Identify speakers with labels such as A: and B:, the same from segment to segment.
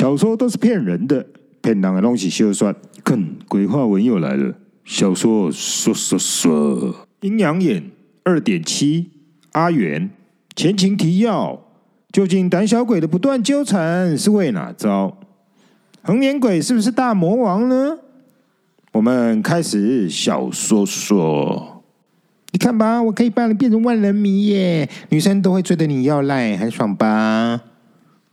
A: 小說都是騙人的，騙人的東西就算看鬼話文又來了，小說說說說，陰陽眼二點七，7, 阿圓前情提要，究竟膽小鬼的不斷糾纏是為哪招？紅臉鬼是不是大魔王呢？我們開始小說說，你看吧，我可以把你變成萬人迷耶，女生都會追得你要賴，很爽吧？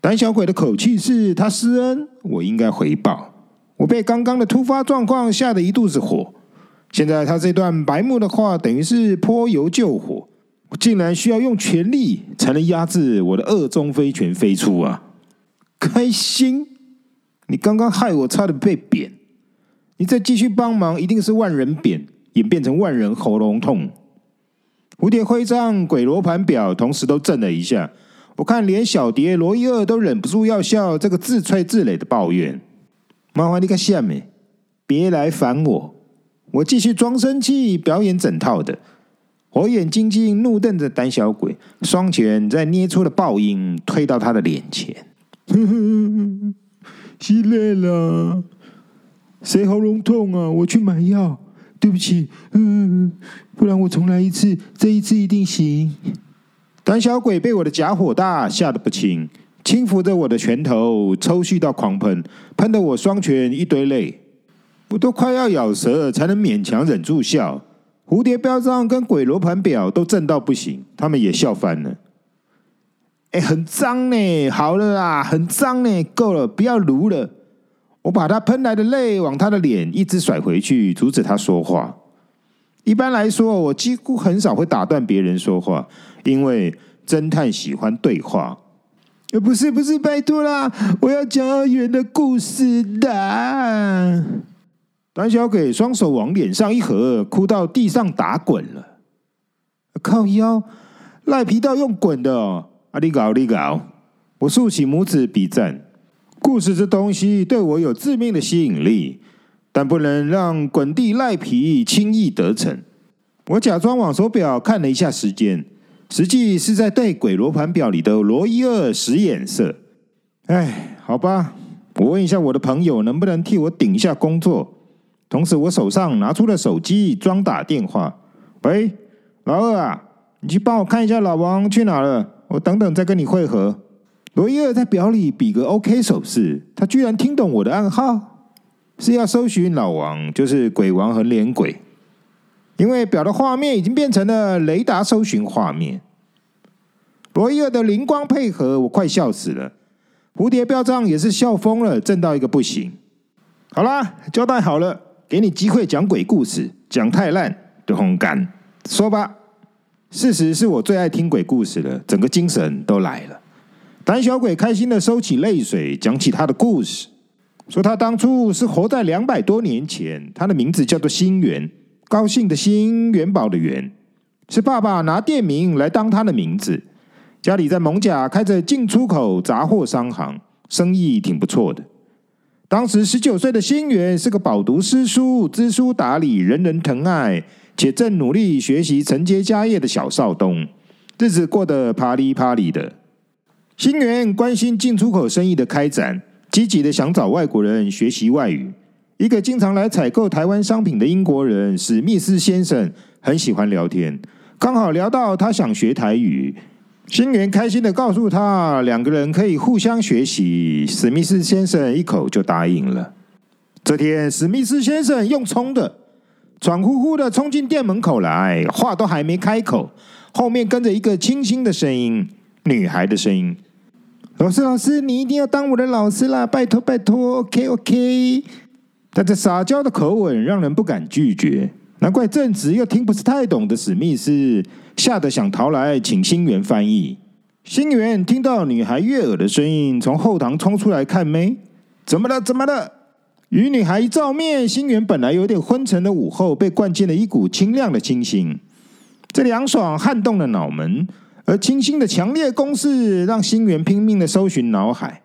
A: 膽小鬼的口氣是他施恩，我應該回報。我被剛剛的突發狀況嚇得一肚子火，現在他這段白目的話等於是潑油救火，我竟然需要用全力才能壓制我的二中飛拳飛出啊！開心？你剛剛害我差點被扁，你再繼續幫忙，一定是萬人扁，演變成萬人喉嚨痛。蝴蝶徽章、鬼羅盤表同時都震了一下。我看連小蝶、羅伊二都忍不住要笑這個自吹自擂的抱怨。麻煩你看下面，別來煩我，我繼續裝生氣，表演整套的。火眼金睛怒瞪着膽小鬼，雙拳在捏出了爆音，推到他的臉前。心 累了，誰喉嚨痛啊？我去買藥。對不起、嗯，不然我重來一次，這一次一定行。膽小鬼被我的假火大嚇得不輕，輕撫着我的拳頭抽搐到狂噴，噴得我雙拳一堆淚，不都快要咬舌才能勉強忍住笑。蝴蝶標章跟鬼羅盤表都震到不行，他們也笑翻了。哎、欸，很髒呢，好了啦，很髒呢，夠了，不要擼了。我把他噴來的淚往他的臉一直甩回去，阻止他說話。一般來說，我幾乎很少會打斷別人說話，因為偵探喜歡對話。不是不是，拜託啦，我要講阿圓的故事啦。膽小鬼雙手往臉上一合，哭到地上打滾了。靠腰，賴皮到用滾的哦。阿力搞，阿力搞，我豎起拇指比讚。故事這東西對我有致命的吸引力。但不能讓滾地賴皮輕易得逞。我假裝往手表看了一下時間，實際是在對鬼羅盤表裡的羅伊爾使眼色。哎，好吧，我問一下我的朋友能不能替我頂一下工作。同時，我手上拿出了手機，裝打電話：“喂，老二啊，你去幫我看一下老王去哪了，我等等再跟你匯合。”羅伊爾在表裡比個 OK 手勢，他居然聽懂我的暗號。是要搜尋老王，就是鬼王和臉鬼，因為表的畫面已經變成了雷達搜尋畫面。羅伊爾的靈光配合，我快笑死了。蝴蝶標章也是笑瘋了，震到一個不行。好啦，交代好了，給你機會講鬼故事，講太爛就烘乾。說吧，事實是我最愛聽鬼故事了，整個精神都來了。膽小鬼開心的收起淚水，講起他的故事。說他當初是活在兩百多年前，他的名字叫做興元，高興的“興”元寶的“元”，是爸爸拿店名來當他的名字。家裡在艋舺開着進出口雜貨商行，生意挺不錯的。當時十九歲的興元是個飽讀詩書、知書達理、人人疼愛，且正努力學習承接家業的小少東，日子過得啪裡啪裡的。興元關心進出口生意的開展。積極的想找外國人學習外語。一個經常來採購台灣商品的英國人史密斯先生很喜歡聊天，剛好聊到他想學台語。興元開心的告訴他，兩個人可以互相學習。史密斯先生一口就答應了。這天，史密斯先生用衝的、喘呼呼的衝進店門口來，話都還沒開口，後面跟着一個清新的聲音，女孩的聲音。老師，老師，你一定要當我的老師啦！拜託，拜託，OK，OK OK, OK。但這撒嬌的口吻讓人不敢拒絕，難怪正直又聽不是太懂的史密斯嚇得想逃來，請興元翻譯。興元聽到女孩悅耳的聲音，從後堂衝出來看，沒怎麼了？怎麼了？與女孩一照面，興元本來有點昏沉的午後，被灌進了一股清亮的清新。這涼爽撼動了腦門。而清新的強烈攻勢讓興元拼命的搜尋腦海，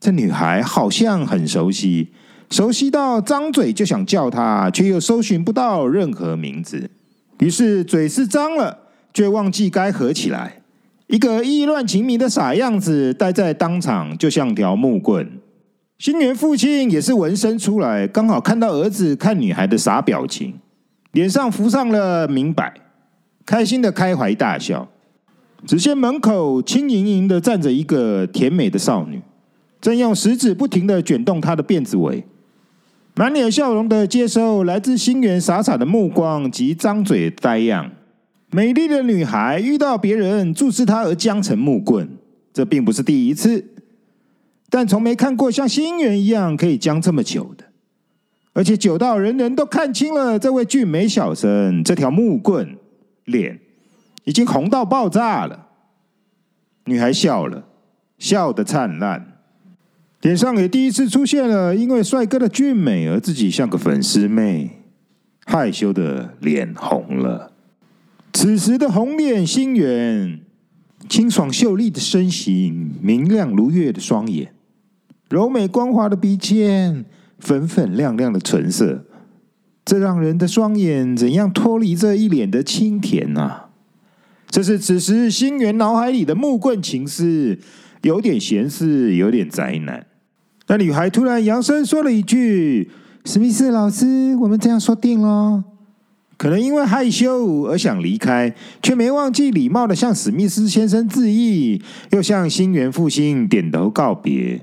A: 這女孩好像很熟悉，熟悉到張嘴就想叫她，卻又搜尋不到任何名字。於是嘴是張了，卻忘記該合起來，一個意亂情迷的傻樣子，待在當場就像條木棍。興元父親也是聞聲出來，剛好看到兒子看女孩的傻表情，臉上浮上了明白，開心的開懷大笑。只見門口輕盈盈的站着一個甜美的少女，正用食指不停的捲動她的辮子尾，滿臉笑容的接受來自星源傻傻的目光及張嘴呆樣。美麗的女孩遇到別人注視她而僵成木棍，這並不是第一次，但從沒看過像星源一樣可以僵這麼久的，而且久到人人都看清了這位俊美小生這條木棍臉已經紅到爆炸了，女孩笑了，笑得燦爛，臉上也第一次出現了因為帥哥的俊美而自己像個粉絲妹，害羞得臉紅了。此時的紅臉心圓，清爽秀麗的身形，明亮如月的雙眼，柔美光滑的鼻尖，粉粉亮亮的唇色，這讓人的雙眼怎樣脫離這一臉的清甜啊！這是此時星原腦海裡的木棍情思，有點閒適，有點宅男。那女孩突然揚聲說了一句：“史密斯老師，我們這樣說定了。”可能因為害羞而想離開，卻沒忘記禮貌地向史密斯先生致意，又向星原父親點頭告別。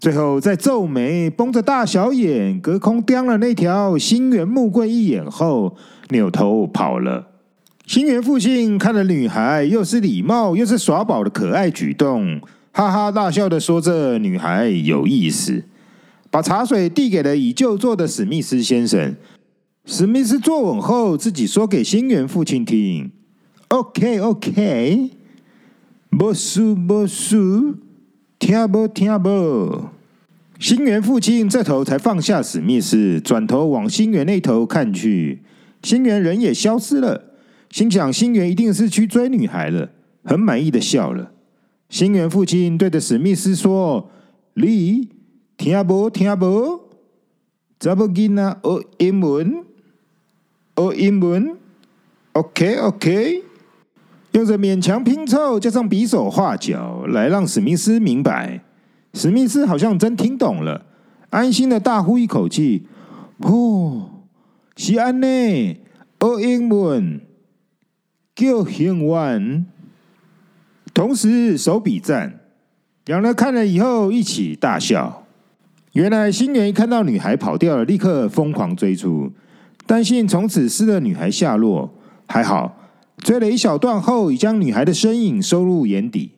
A: 最後，在皺眉、繃着大小眼、隔空盯了那條星原木棍一眼後，扭頭跑了。興元父親看了女孩，又是禮貌又是耍寶的可愛舉動，哈哈大笑的說：“這女孩有意思。”把茶水遞給了已就座的史密斯先生。史密斯坐穩後，自己說給興元父親聽：“OK OK，不輸不輸，聽不聽不。”興元父親這頭才放下史密斯，轉頭往興元那頭看去，興元人也消失了。心想：興元一定是去追女孩了，很滿意的笑了。興元父親對着史密斯說：“Lee，聽不聽不？怎麼記呢？哦，英文，哦，英文。OK，OK。”用着勉強拼湊，加上比手畫腳，來讓史密斯明白。史密斯好像真聽懂了，安心的大呼一口氣：“哦，西安內，哦，英文。” Give him one。同時，手比讚。兩人看了以後，一起大笑。原來，興元一看到女孩跑掉了，立刻瘋狂追出，擔心從此失了女孩下落。還好，追了一小段後，已將女孩的身影收入眼底，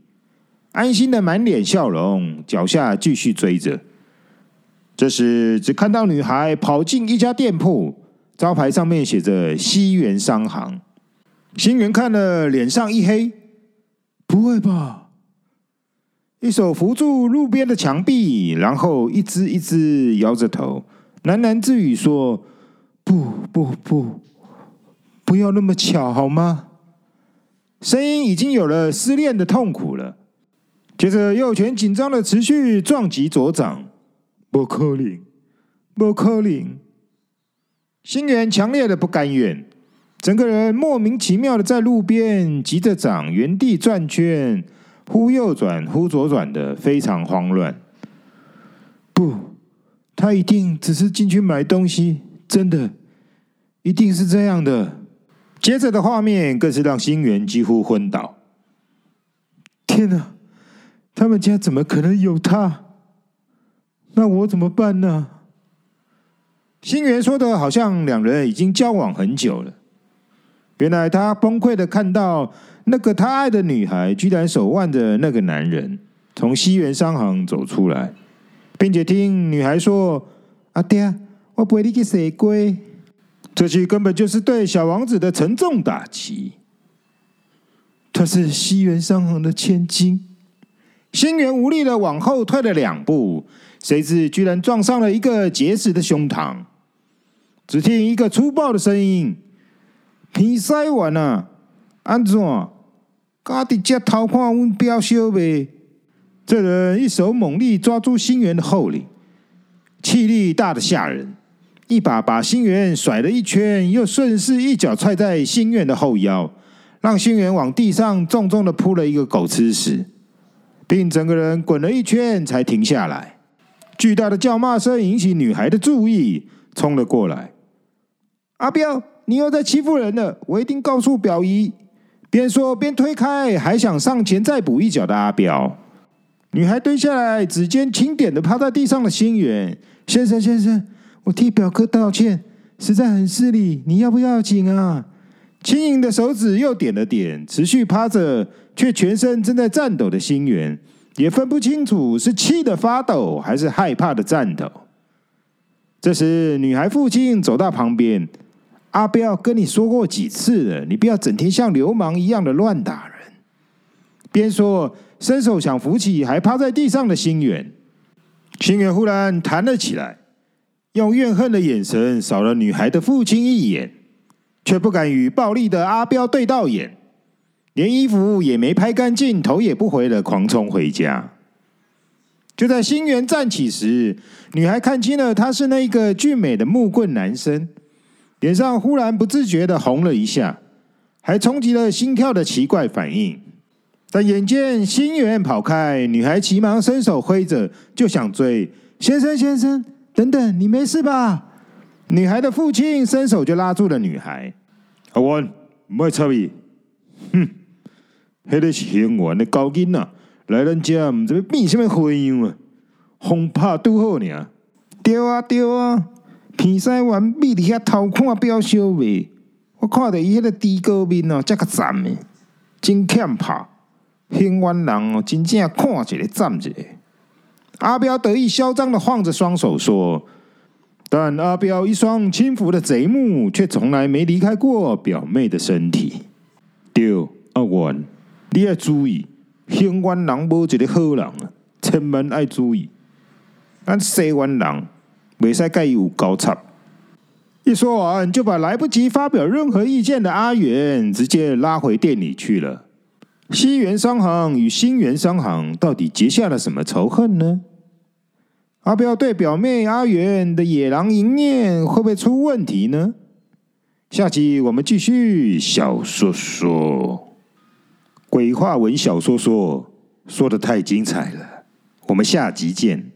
A: 安心的滿臉笑容，腳下繼續追着。這時，只看到女孩跑進一家店鋪，招牌上面寫着“西元商行”。興元看了，臉上一黑，“不會吧！”一手扶住路邊的牆壁，然後一只一只搖着頭，喃喃自語說：“不不不，不要那麼巧好嗎？”聲音已經有了失戀的痛苦了。接着右拳緊張的持續撞擊左掌，“不可能，不可能！”興元強烈的不甘願。整個人莫名其妙的在路邊急着轉，原地轉圈，忽右轉忽左轉的，非常慌亂。不，他一定只是進去買東西，真的，一定是這樣的。接着的畫面更是讓興元幾乎昏倒。天哪、啊，他們家怎麼可能有他？那我怎麼辦呢、啊？興元說的，好像兩人已經交往很久了。原來他崩潰的看到那個他愛的女孩，居然手挽着那個男人從西元商行走出來，並且聽女孩說：“阿、啊、爹，我陪你去死鬼。”這句根本就是對小王子的沉重打擊。他是西元商行的千金，興元無力的往後退了兩步，誰知居然撞上了一個結實的胸膛，只聽一個粗暴的聲音。耳塞完啦、啊，安怎、啊？家佇只偷看阮表小妹唄。這人一手猛力抓住心元的後領，氣力大的嚇人，一把把心元甩了一圈，又順勢一腳踹在心元的後腰，讓心元往地上重重的撲了一個狗吃屎，並整個人滾了一圈才停下來。巨大的叫罵聲引起女孩的注意，衝了過來，阿標，你又在欺負人了！我一定告訴表姨。邊說邊推開，還想上前再補一腳的阿標。女孩蹲下來，指尖輕點的趴在地上的心源。先生，先生，我替表哥道歉，實在很失禮。你要不要緊啊？輕盈的手指又點了點，持續趴着，卻全身正在顫抖的心源，也分不清楚是氣的發抖，還是害怕的顫抖。這時，女孩父親走到旁邊。阿彪跟你說過幾次了，你不要整天像流氓一樣的亂打人。邊說，伸手想扶起還趴在地上的心源，心源忽然彈了起來，用怨恨的眼神掃了女孩的父親一眼，卻不敢與暴力的阿彪對到眼，連衣服也沒拍乾淨，頭也不回的狂衝回家。就在心源站起時，女孩看清了，他是那個俊美的木棍男生。臉上忽然不自覺地紅了一下，還衝擊了心跳的奇怪反應。但眼見興元跑開，女孩急忙伸手揮着就想追：“先生，先生，等等，你沒事吧？”女孩的父親伸手就拉住了女孩：“阿圓、啊，莫插伊，哼，還得是興元的高音啊，來人家唔知變什麼花樣啊，恐怕都好呢。”“丟啊，丟啊。”鼻塞完，咪佇遐偷看表小妹，我看着伊迄個豬哥面哦，才夠讚的，真欠拍。興元人哦，真正看一個讚一個。阿標得意囂張地晃着雙手說，但阿標一雙輕浮的賊目，卻從來沒離開過表妹的身體。丟阿文，你要注意，興元人無一個好人，千萬要注意。咱西元人。韋賽蓋有高唱，一說完就把來不及發表任何意見的阿圓直接拉回店裡去了。西元商行與興元商行到底結下了什麼仇恨呢？阿標對表妹阿圓的野狼淫念，會不會出問題呢？下集我們繼續小說說鬼話文小說說說得太精彩了，我們下集見。